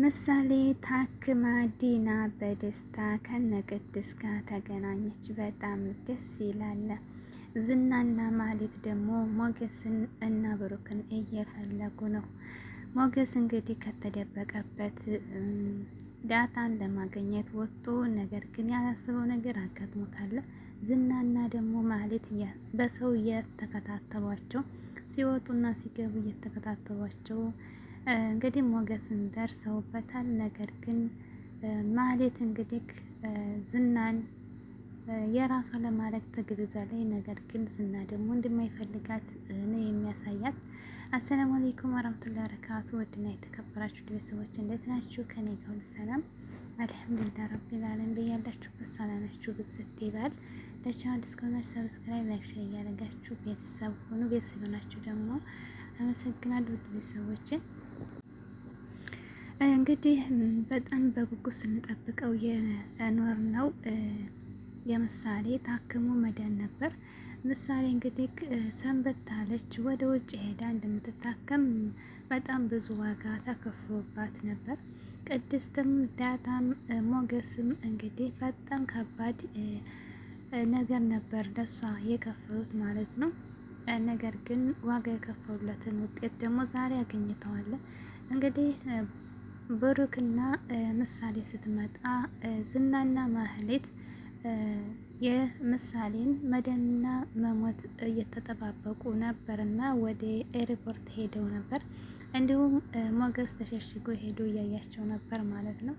ምሳሌ ታክማ ዲና በደስታ ከነቅድስ ጋር ተገናኘች። በጣም ደስ ይላል። ዝናና ማህሌት ደግሞ ሞገስን እና ብሩክን እየፈለጉ ነው። ሞገስ እንግዲህ ከተደበቀበት ዳታን ለማገኘት ወጥቶ፣ ነገር ግን ያላስበው ነገር አጋጥሞታል። ዝናና ደግሞ ማሌት በሰው እየተከታተሏቸው ሲወጡና ሲገቡ እየተከታተሏቸው እንግዲህ ሞገስን ደርሰውበታል። ነገር ግን ማህሌት እንግዲህ ዝናን የራሷ ለማድረግ ተግብዛ ላይ ነገር ግን ዝና ደግሞ እንደማይፈልጋት ነው የሚያሳያት። አሰላሙ አለይኩም ወራህመቱላሂ ወበረካቱ ወድና የተከበራችሁ ቤተሰቦች እንዴት ናችሁ? ከኔ ጋር ሁሉ ሰላም አልሐምዱሊላህ ረቢል ዓለሚን በያላችሁበት ሰላማችሁ ብዝት ይበል። ለቻናል ዲስኮነር ሰብስክራይብ፣ ላይክ፣ ሼር እያደረጋችሁ ቤተሰብ ሆኑ። ቤተሰብ ናችሁ ደግሞ አመሰግናለሁ ቤተሰቦችን እንግዲህ በጣም በጉጉት ስንጠብቀው የኖር ነው የምሳሌ ታክሞ መዳን ነበር። ምሳሌ እንግዲህ ሰንበት ታለች ወደ ውጭ ሄዳ እንደምትታከም በጣም ብዙ ዋጋ ተከፍሎባት ነበር። ቅድስትም ዳታም ሞገስም እንግዲህ በጣም ከባድ ነገር ነበር ለሷ የከፈሉት ማለት ነው። ነገር ግን ዋጋ የከፈሉለትን ውጤት ደግሞ ዛሬ አግኝተዋለን እንግዲህ ብሩክና ምሳሌ ስትመጣ ዝናና ማህሌት የምሳሌን መደንና መሞት እየተጠባበቁ ነበርና ወደ ኤርፖርት ሄደው ነበር። እንዲሁም ሞገስ ተሸሽጎ ሄዶ እያያቸው ነበር ማለት ነው።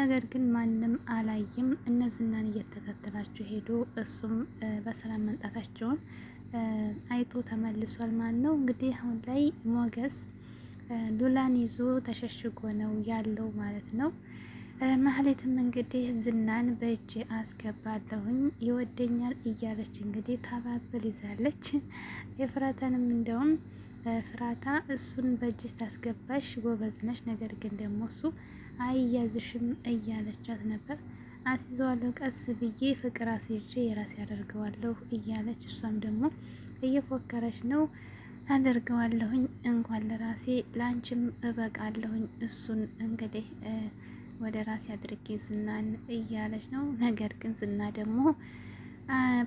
ነገር ግን ማንም አላይም። እነዝናን እየተከተላቸው ሄዶ እሱም በሰላም መምጣታቸውን አይቶ ተመልሷል ማለት ነው። እንግዲህ አሁን ላይ ሞገስ ሉላን ይዞ ተሸሽጎ ነው ያለው ማለት ነው። ማህሌትም እንግዲህ ዝናን በእጅ አስገባለሁኝ ይወደኛል እያለች እንግዲህ ታባብል ይዛለች። የፍራታንም እንደውም ፍራታ እሱን በእጅ ታስገባሽ ጎበዝ ነሽ፣ ነገር ግን ደግሞ እሱ አይያዝሽም እያለቻት ነበር። አስይዘዋለሁ ቀስ ብዬ ፍቅር አስይዤ የራሴ ያደርገዋለሁ እያለች እሷም ደግሞ እየፎከረች ነው። አደርገዋለሁኝ እንኳን ለራሴ ላንችም እበቃለሁኝ። እሱን እንግዲህ ወደ ራሴ አድርጌ ዝናን እያለች ነው። ነገር ግን ዝና ደግሞ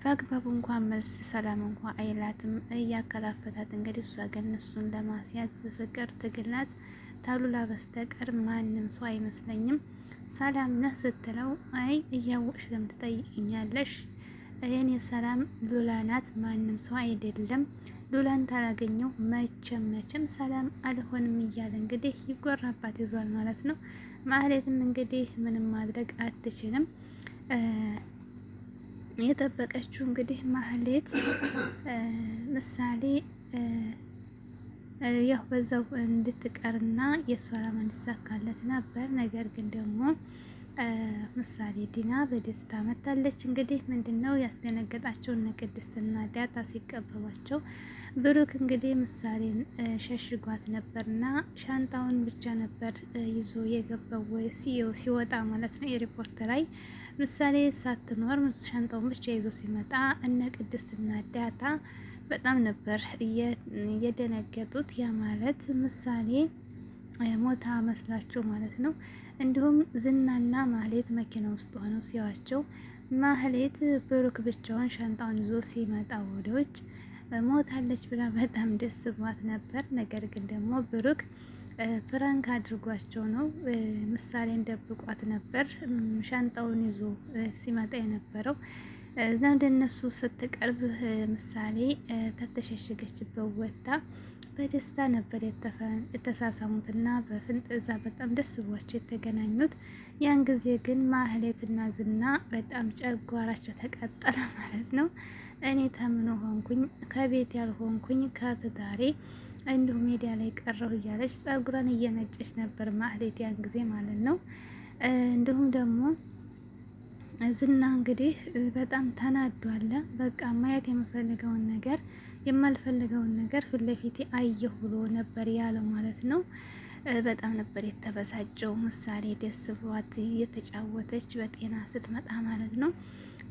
በአግባቡ እንኳን መልስ ሰላም እንኳ አይላትም እያከላፈታት። እንግዲህ እሷ ግን እሱን ለማስያዝ ፍቅር ትግላት ታሉላ በስተቀር ማንም ሰው አይመስለኝም። ሰላም ነህ ስትለው አይ እያወቅሽ ለምን ትጠይቅኛለሽ? የኔ ሰላም ሉላ ናት፣ ማንም ሰው አይደለም ሉላን ታላገኘው መቼም መቼም ሰላም አልሆንም እያለ እንግዲህ ይጎራባት ይዟል ማለት ነው። ማህሌትም እንግዲህ ምንም ማድረግ አትችልም። የጠበቀችው እንግዲህ ማህሌት ምሳሌ ያው በዛው እንድትቀርና የእሷ ዓላማ እንዲሳካለት ነበር። ነገር ግን ደግሞ ምሳሌ ዲና በደስታ መታለች። እንግዲህ ምንድን ነው ያስደነገጣቸውን ቅድስትና ዳታ ሲቀበሏቸው ብሩክ እንግዲህ ምሳሌን ሸሽጓት ነበርና ሻንጣውን ብቻ ነበር ይዞ የገባው ሲወጣ ማለት ነው። የሪፖርት ላይ ምሳሌ ሳትኖር ሻንጣውን ብቻ ይዞ ሲመጣ እነ ቅድስትና ዳታ በጣም ነበር የደነገጡት። ያ ማለት ምሳሌ ሞታ መስላቸው ማለት ነው። እንዲሁም ዝናና ማህሌት መኪና ውስጥ ሆነው ሲዋቸው ማህሌት ብሩክ ብቻውን ሻንጣውን ይዞ ሲመጣ ወደ ውጭ ሞታለች ብላ በጣም ደስ ብሏት ነበር። ነገር ግን ደግሞ ብሩክ ፍራንክ አድርጓቸው ነው ምሳሌን ደብቋት ነበር። ሻንጣውን ይዞ ሲመጣ የነበረው እና ወደ እነሱ ስትቀርብ ምሳሌ ተተሸሸገችበት ወጥታ በደስታ ነበር የተሳሳሙት እና በፍንጥዛ በጣም ደስ ብሏቸው የተገናኙት። ያን ጊዜ ግን ማህሌትና ዝና በጣም ጨጓራቸው ተቃጠለ ማለት ነው። እኔ ተምኖ ሆንኩኝ ከቤት ያልሆንኩኝ ከትዳሬ እንዲሁ ሜዲያ ላይ ቀረሁ እያለች ጸጉሯን እየነጨች ነበር ማህሌት ያን ጊዜ ማለት ነው። እንዲሁም ደግሞ ዝና እንግዲህ በጣም ተናዷለ። በቃ ማየት የምፈልገውን ነገር የማልፈልገውን ነገር ፊት ለፊቴ አየሁ ብሎ ነበር ያለው ማለት ነው። በጣም ነበር የተበሳጨው። ምሳሌ ደስ ብሏት እየተጫወተች በጤና ስትመጣ ማለት ነው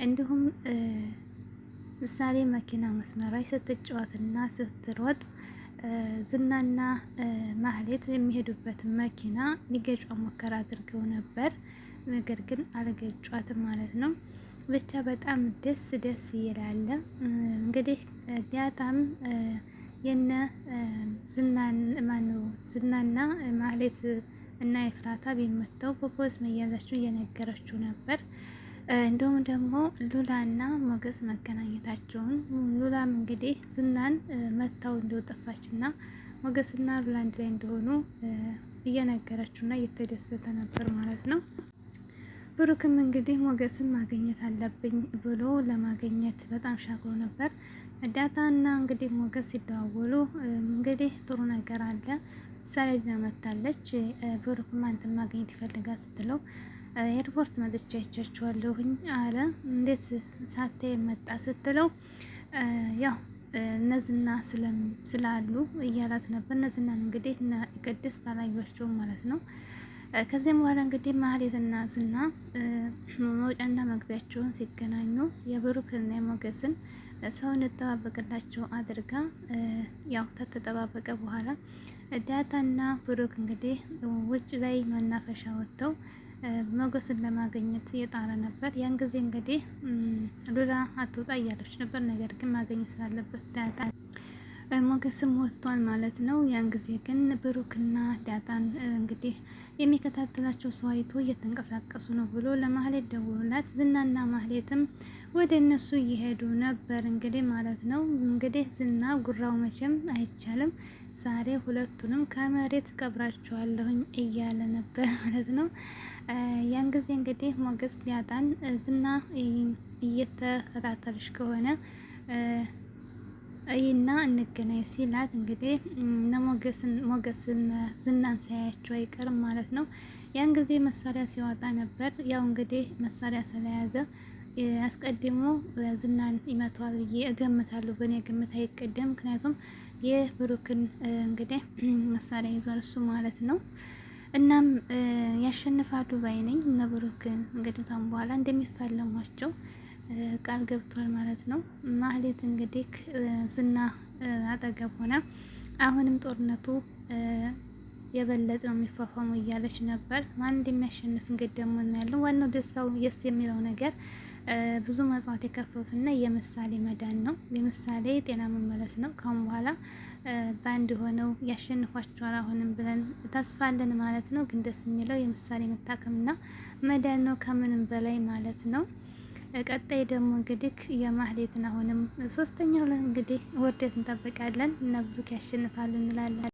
እንዲሁም ምሳሌ መኪና መስመር ላይ ስትጫወትና ስትሮጥ ዝናና ማህሌት የሚሄዱበት መኪና ሊገጫ ሙከራ አድርገው ነበር። ነገር ግን አልገጯትም ማለት ነው። ብቻ በጣም ደስ ደስ ይላለ። እንግዲህ ዳጣም የነ ዝናን ማነው ዝናና ማህሌት እና የፍራታ ቢመተው በፖሊስ መያዛቸው እየነገረችው ነበር። እንዲሁም ደግሞ ሉላና ሞገስ መገናኘታቸውን ሉላም እንግዲህ ዝናን መታው እንደወጠፋችና ሞገስና ሉላ አንድ ላይ እንደሆኑ እየነገረችውና እየተደሰተ ነበር ማለት ነው። ብሩክም እንግዲህ ሞገስን ማግኘት አለብኝ ብሎ ለማግኘት በጣም ሻግሮ ነበር። እዳታና እንግዲህ ሞገስ ሲደዋወሉ እንግዲህ ጥሩ ነገር አለ ምሳሌ መታለች። ብሩክም አንተን ማግኘት ይፈልጋል ስትለው ኤርፖርት መጥቼ አይቻችኋለሁኝ አለ። እንዴት ሳቴ መጣ ስትለው ያው እነዝና ስላሉ እያላት ነበር። እነዝናን እንግዲህ ቅድስት አላዩቸውም ማለት ነው። ከዚያም በኋላ እንግዲህ ማህሌትና ዝና መውጫና መግቢያቸውን ሲገናኙ የብሩክና የሞገስን ሰው እንጠባበቅላቸው አድርጋ ያው ተተጠባበቀ በኋላ ዳታና ብሩክ እንግዲህ ውጭ ላይ መናፈሻ ወጥተው ሞገስን ለማግኘት የጣረ ነበር። ያን ጊዜ እንግዲህ ሉላ አትውጣ እያለች ነበር። ነገር ግን ማግኘት ስላለበት ዳጣ ሞገስም ወጥቷል ማለት ነው። ያን ጊዜ ግን ብሩክና ዳጣን እንግዲህ የሚከታተላቸው ሰው አይቶ እየተንቀሳቀሱ ነው ብሎ ለማህሌት ደውሎላት ዝናና ማህሌትም ወደ እነሱ እየሄዱ ነበር እንግዲህ ማለት ነው። እንግዲህ ዝና ጉራው መቼም አይቻልም ዛሬ ሁለቱንም ከመሬት ቀብራቸዋለሁኝ እያለ ነበር ማለት ነው። ያን ጊዜ እንግዲህ ሞገስ ሊያጣን ዝና እየተከታተልሽ ከሆነ እይና እንገናኝ ሲላት እንግዲህ ሞገስን ዝናን ሳያቸው አይቀርም ማለት ነው። ያን ጊዜ መሳሪያ ሲያወጣ ነበር። ያው እንግዲህ መሳሪያ ስለያዘ አስቀድሞ ዝናን ይመታዋል ብዬ እገምታለሁ። በእኔ ግምት አይቀደም ምክንያቱም የብሩክን እንግዲህ መሳሪያ ይዟል እሱ ማለት ነው። እናም ያሸንፋ ዱባይ ነኝ እነ ብሩክ እንግዲህ ታም በኋላ እንደሚፋለሟቸው ቃል ገብቷል ማለት ነው። ማህሌት እንግዲህ ዝና አጠገብ ሆና አሁንም ጦርነቱ የበለጠ ነው የሚፋፋሙ እያለች ነበር። ማን እንደሚያሸንፍ እንግዲህ ደግሞ እናያለን። ዋናው ደስታው የስ የሚለው ነገር ብዙ መጽዋት መጽዋዕት የከፈሉትና የምሳሌ መዳን ነው። የምሳሌ ጤና መመለስ ነው። ካሁን በኋላ በአንድ ሆነው ያሸንፏቸዋል አሁንም ብለን ተስፋ ማለት ነው። ግን ደስ የሚለው የምሳሌ መታከምና መዳን ነው ከምንም በላይ ማለት ነው። ቀጣይ ደግሞ እንግዲህ የማህሌትን አሁንም ሶስተኛው እንግዲህ ውርደት እንጠብቃለን እና ብሩክ ያሸንፋሉ እንላለን።